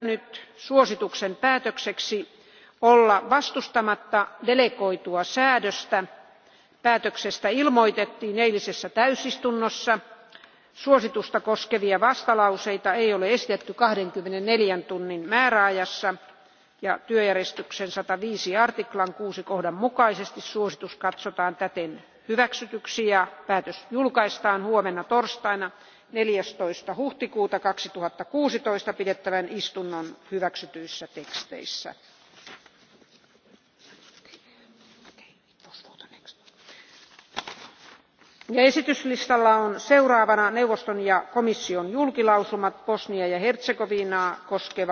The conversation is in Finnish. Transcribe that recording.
nyt suosituksen päätökseksi olla vastustamatta delegoitua säädöstä päätöksestä ilmoitettiin eilisessä täysistunnossa suositusta koskevia vastalauseita ei ole esitetty kaksikymmentäneljä tunnin määräajassa ja työjärjestyksen sataviisi artiklan kuusi kohdan mukaisesti suositus katsotaan täten hyväksytyksi ja päätös julkaistaan huomenna torstaina neljätoista huhtikuuta kaksituhatta kuusitoista pidettävän istunnon hyväksytyissä teksteissä. esityslistalla on seuraavana neuvoston ja komission julkilausumat bosniaa ja hertsegovinaa koskevan